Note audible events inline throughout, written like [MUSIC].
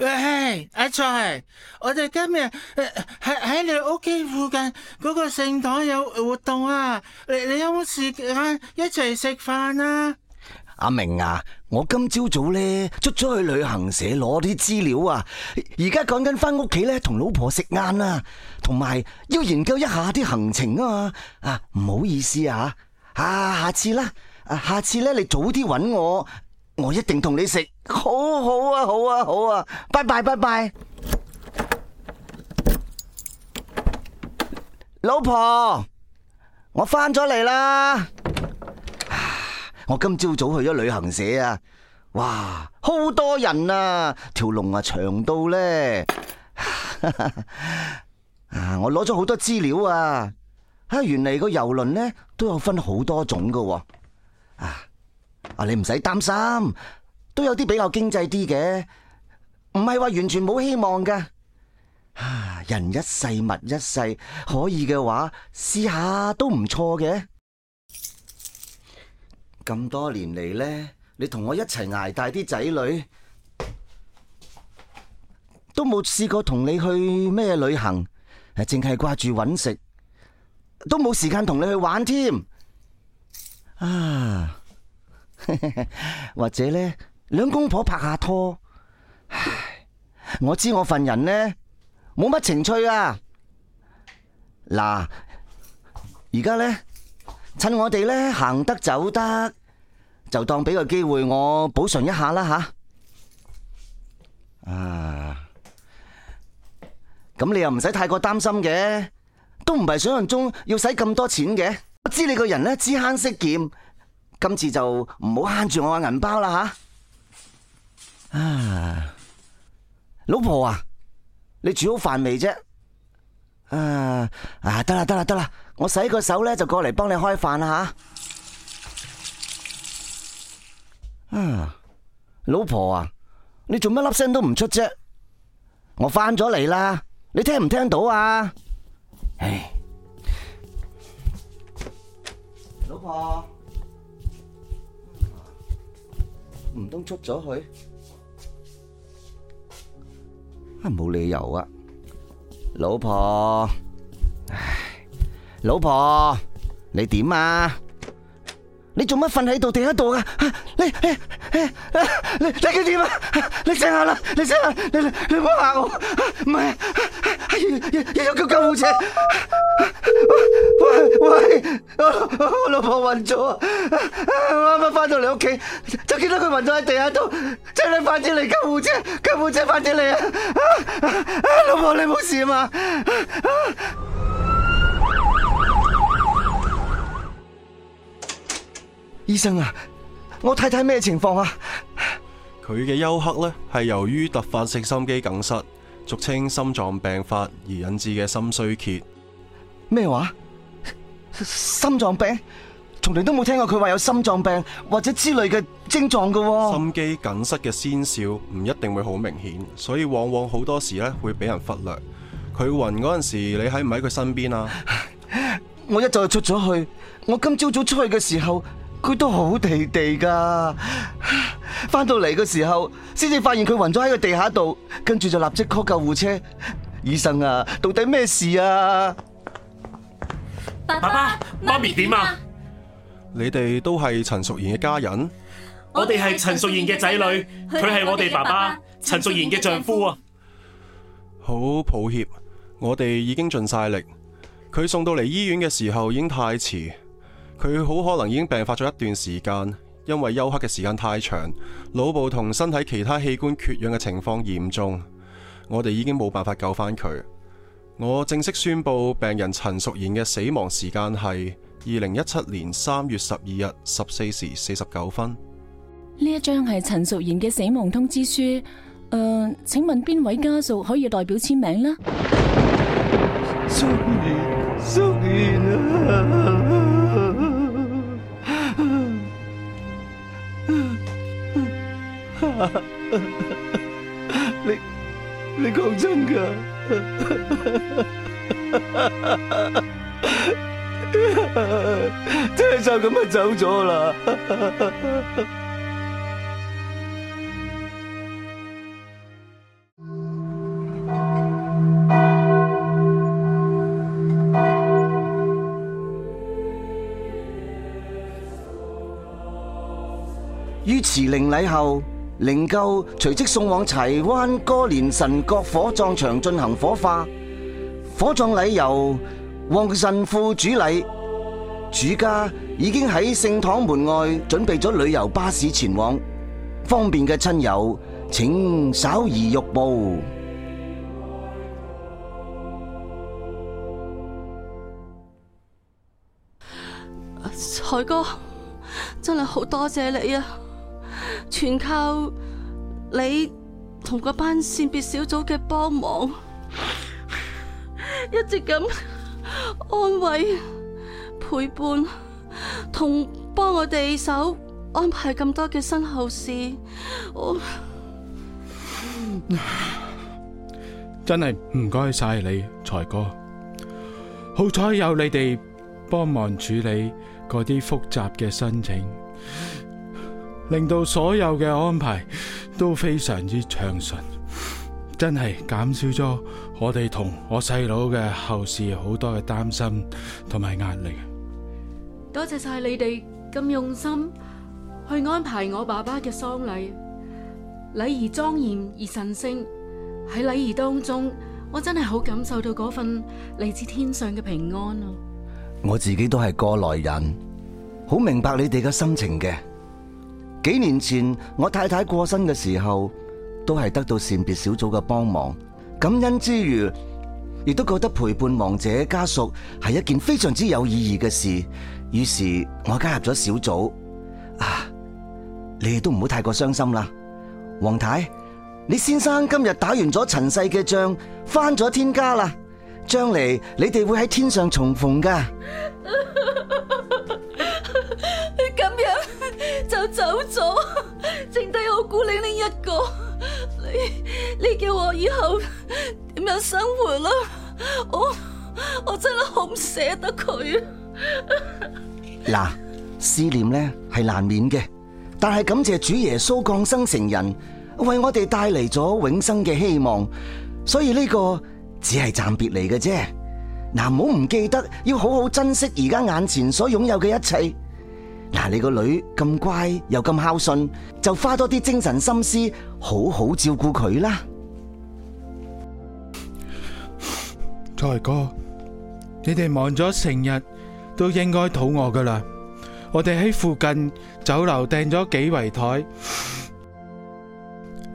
喂，阿財，我哋今日喺喺你屋企附近嗰個聖堂有活動啊！你，你有冇時間一齊食飯啊？阿明啊，我今朝早咧出咗去旅行社攞啲資料啊，而家趕緊翻屋企咧同老婆食晏啊。同埋要研究一下啲行程啊啊，唔好意思啊，啊下次啦，啊、下次咧你早啲搵我。我一定同你食，好好啊，好啊，好啊，拜拜拜拜，老婆，我翻咗嚟啦，我今朝早去咗旅行社啊，哇，好多人啊，條龍啊長到呢。啊，我攞咗好多資料啊，啊，原來個郵輪呢都有分好多種噶，啊。啊！你唔使擔心，都有啲比較經濟啲嘅，唔係話完全冇希望噶。啊！人一世物一世，可以嘅話，試下都唔錯嘅。咁多年嚟呢，你同我一齊捱大啲仔女，都冇試過同你去咩旅行，誒，淨係掛住揾食，都冇時間同你去玩添。啊！ [LAUGHS] 或者呢，兩公婆拍下拖。我知我份人呢，冇乜情趣啊。嗱，而家呢，趁我哋呢行得走得，就當俾個機會我補償一下啦吓。啊，咁你又唔使太過擔心嘅，都唔係想象中要使咁多錢嘅。我知你個人呢，知慳識儉。今次就唔好慳住我個銀包啦吓。啊！啊，老婆啊，你煮好飯未啫？啊啊得啦得啦得啦，我洗個手咧就過嚟幫你開飯啦吓！啊，老婆啊，你做乜粒聲都唔出啫？我翻咗嚟啦，你聽唔聽到啊？唉、哎，老婆。唔通出咗去？啊，冇理由啊！老婆唉，老婆，你點啊？你做乜瞓喺度地下度啊？你你你啊！你你嘅點啊？你醒下啦！你醒下！你你唔好嚇我！唔係，係要要要叫救護車！喂喂我，我老婆暈咗啊！我啱啱翻到嚟屋企就見到佢暈咗喺地下度，請你快啲嚟救護車！救護車快啲嚟啊！老婆你冇事嘛？啊醫生啊，我太太咩情況啊？佢嘅休克呢，係由於突發性心肌梗塞，俗稱心臟病發而引致嘅心衰竭。咩話？心臟病？從來都冇聽過佢話有心臟病或者之類嘅症狀噶喎。心肌梗塞嘅先兆唔一定會好明顯，所以往往好多時呢會俾人忽略。佢暈嗰陣時，你喺唔喺佢身邊啊？ [LAUGHS] 我一早就出咗去，我今朝早出去嘅時候。佢都好地地噶翻到嚟嘅時候，先至發現佢暈咗喺個地下度，跟住就立即 call 救護車。醫生啊，到底咩事啊？爸爸、媽咪點啊？你哋都係陳淑賢嘅家人？我哋係陳淑賢嘅仔女，佢係我哋爸爸，陳淑賢嘅丈夫啊。好抱歉，我哋已經盡晒力，佢送到嚟醫院嘅時候已經太遲。佢好可能已經病發咗一段時間，因為休克嘅時間太長，腦部同身體其他器官缺氧嘅情況嚴重，我哋已經冇辦法救翻佢。我正式宣布，病人陳淑賢嘅死亡時間係二零一七年三月十二日十四時四十九分。呢一張係陳淑賢嘅死亡通知書。誒、呃，請問邊位家屬可以代表簽名呢？淑賢，淑你你講真噶？ [LAUGHS] 真係就咁樣走咗啦？於辭靈禮後，靈柩隨即送往柴灣哥連臣角火葬場進行火化，火葬禮由黃神父主禮，主家已經喺聖堂門外準備咗旅遊巴士前往，方便嘅親友，請稍移玉步。財哥，真係好多謝你啊！全靠你同個班善別小組嘅幫忙，一直咁安慰、陪伴同幫我哋手安排咁多嘅身後事，我真係唔該晒你，財哥。好彩有你哋幫忙處理嗰啲複雜嘅申請。令到所有嘅安排都非常之暢順，真係減少咗我哋同我細佬嘅後事好多嘅擔心同埋壓力。多謝晒你哋咁用心去安排我爸爸嘅喪禮，禮儀莊嚴而神聖。喺禮儀當中，我真係好感受到嗰份嚟自天上嘅平安啊。我自己都係過來人，好明白你哋嘅心情嘅。幾年前我太太過身嘅時候，都係得到善別小組嘅幫忙，感恩之餘，亦都覺得陪伴亡者家屬係一件非常之有意義嘅事。於是，我加入咗小組。啊，你哋都唔好太過傷心啦，王太，你先生今日打完咗塵世嘅仗，翻咗天家啦，將嚟你哋會喺天上重逢噶。我走咗，剩低我孤零零一個，你你叫我以後點樣生活啦？我我真係好唔捨得佢。啊。 [LAUGHS] 嗱，思念咧係難免嘅，但係感謝主耶穌降生成人，為我哋帶嚟咗永生嘅希望，所以呢個只係暫別嚟嘅啫。嗱，唔好唔記得要好好珍惜而家眼前所擁有嘅一切。嗱，你個女咁乖又咁孝順，就花多啲精神心思，好好照顧佢啦。財哥，你哋忙咗成日，都應該肚餓噶啦。我哋喺附近酒樓訂咗幾圍台，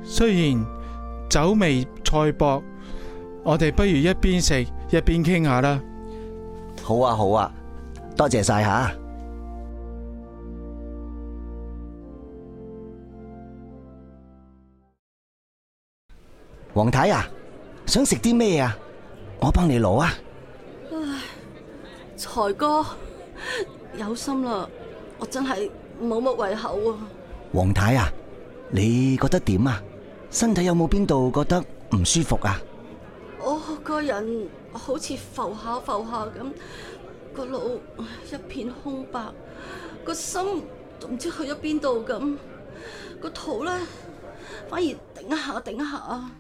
雖然酒微菜薄，我哋不如一邊食一邊傾下啦。好啊，好啊，多謝晒吓。王太啊，想食啲咩啊？我幫你攞啊！唉，財哥有心啦，我真係冇乜胃口啊！王太啊，你覺得點啊？身體有冇邊度覺得唔舒服啊？我個人好似浮下浮下咁，個腦一片空白，個心都唔知去咗邊度咁，個肚咧反而頂下頂下啊。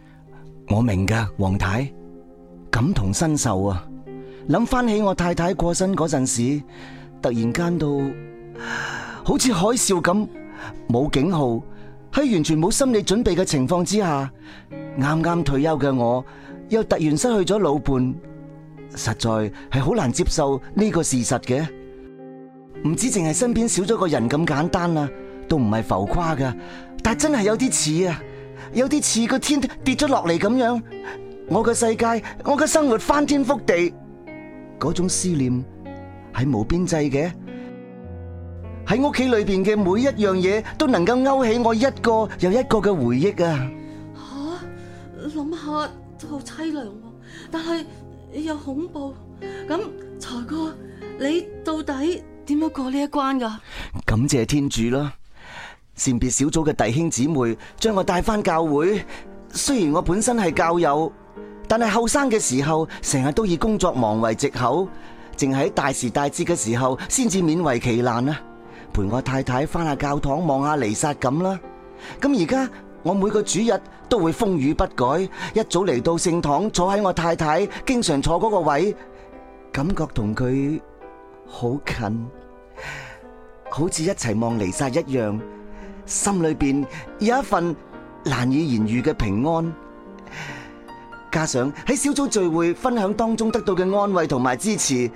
我明噶，王太太，感同身受啊！諗翻起我太太過身嗰陣時，突然間到好似海嘯咁，冇警號，喺完全冇心理準備嘅情況之下，啱啱退休嘅我，又突然失去咗老伴，實在係好難接受呢個事實嘅。唔止淨係身邊少咗個人咁簡單啊，都唔係浮誇噶，但係真係有啲似啊！有啲似個天跌咗落嚟咁樣，我嘅世界，我嘅生活翻天覆地，嗰種思念係無邊際嘅，喺屋企裏邊嘅每一樣嘢都能夠勾起我一個又一個嘅回憶啊！吓，諗下都好淒涼，但係又恐怖。咁財哥，你到底點樣過呢一關噶？感謝天主啦。善別小組嘅弟兄姊妹將我帶翻教會，雖然我本身係教友，但係後生嘅時候成日都以工作忙為藉口，淨喺大時大節嘅時候先至勉為其難啊，陪我太太翻下教堂望下彌撒咁啦。咁而家我每個主日都會風雨不改，一早嚟到聖堂坐喺我太太經常坐嗰個位，感覺同佢好近，好似一齊望彌撒一樣。心裏邊有一份難以言喻嘅平安，加上喺小組聚會分享當中得到嘅安慰同埋支持，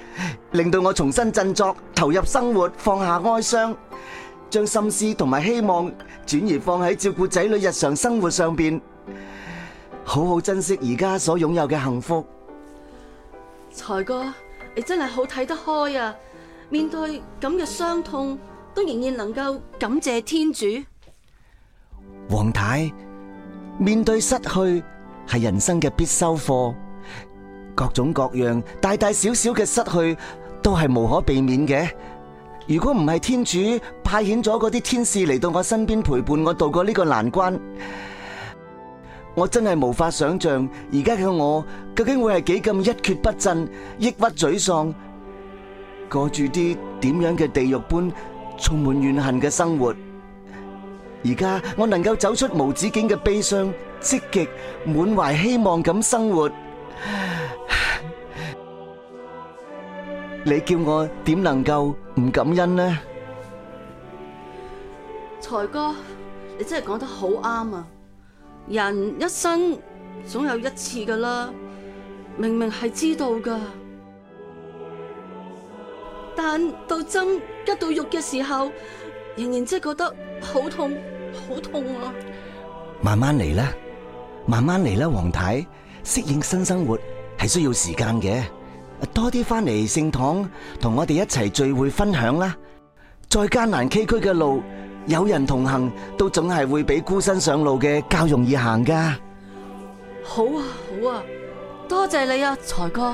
令到我重新振作，投入生活，放下哀傷，將心思同埋希望轉移放喺照顧仔女日常生活上邊，好好珍惜而家所擁有嘅幸福。財哥，你真係好睇得開啊！面對咁嘅傷痛。我仍然能夠感謝天主。王太，面對失去係人生嘅必修課，各種各樣大大小小嘅失去都係無可避免嘅。如果唔係天主派遣咗嗰啲天使嚟到我身邊陪伴我度過呢個難關，我真係無法想象而家嘅我究竟會係幾咁一蹶不振、抑鬱沮喪，過住啲點樣嘅地獄般充滿怨恨嘅生活，而家我能夠走出無止境嘅悲傷，積極滿懷希望咁生活，你叫我點能夠唔感恩呢？財哥，你真係講得好啱啊！人一生總有一次噶啦，明明係知道噶。但到針夾到肉嘅時候，仍然即係覺得好痛，好痛啊！慢慢嚟啦，慢慢嚟啦，王太，適應新生活係需要時間嘅。多啲翻嚟聖堂同我哋一齊聚會分享啦。再艱難崎嶇嘅路，有人同行都總係會比孤身上路嘅較容易行噶。好啊，好啊，多謝你啊，財哥。